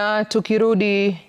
Na tukirudi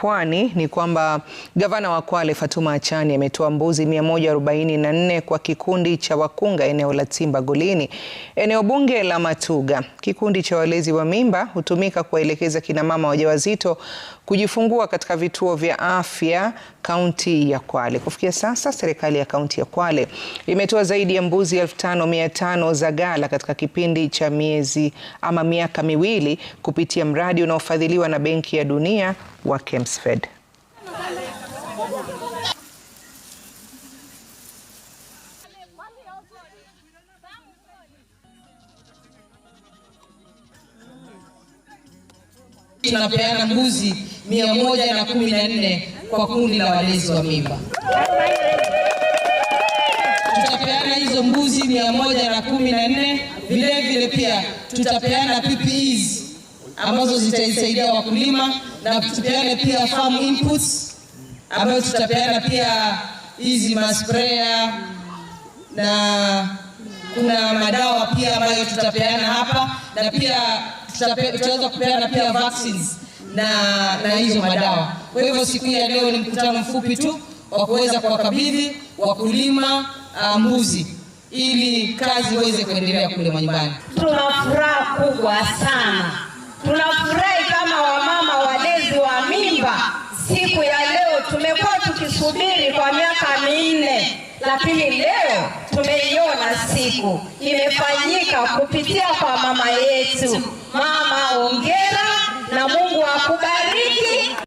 Pwani ni kwamba gavana wa Kwale Fatuma Achani ametoa mbuzi 144 kwa kikundi cha wakunga eneo la Timba Golini, eneo bunge la Matuga. Kikundi cha walezi wa mimba hutumika kuwaelekeza kinamama wajawazito kujifungua katika vituo vya afya kaunti ya Kwale. Kufikia sasa, serikali ya kaunti ya Kwale imetoa zaidi ya mbuzi 5500 za gala katika kipindi cha miezi ama miaka miwili kupitia mradi unaofadhiliwa na Benki ya Dunia wa times Tunapeana mbuzi mia na kwa kundi la walezi wa mimba. Tutapeana hizo mbuzi mia na vilevile, pia tutapeana PPEs ambazo zitaisaidia wakulima, na tupeane pia farm inputs ambayo tutapeana pia hizi masprayer na kuna madawa pia ambayo tutapeana hapa na pia tutaweza kupeana pia vaccines na na hizo madawa. Kwa hivyo siku ya leo ni mkutano mfupi tu wa kuweza kuwakabidhi wakulima ah, mbuzi ili kazi iweze kuendelea kule manyumbani. Tuna furaha kubwa sana. Tunafurahi kama wamama walezi wa mimba, siku ya leo tumekuwa tukisubiri kwa miaka minne, lakini leo tumeiona siku imefanyika kupitia kwa mama yetu. Mama, ongera na Mungu akubariki.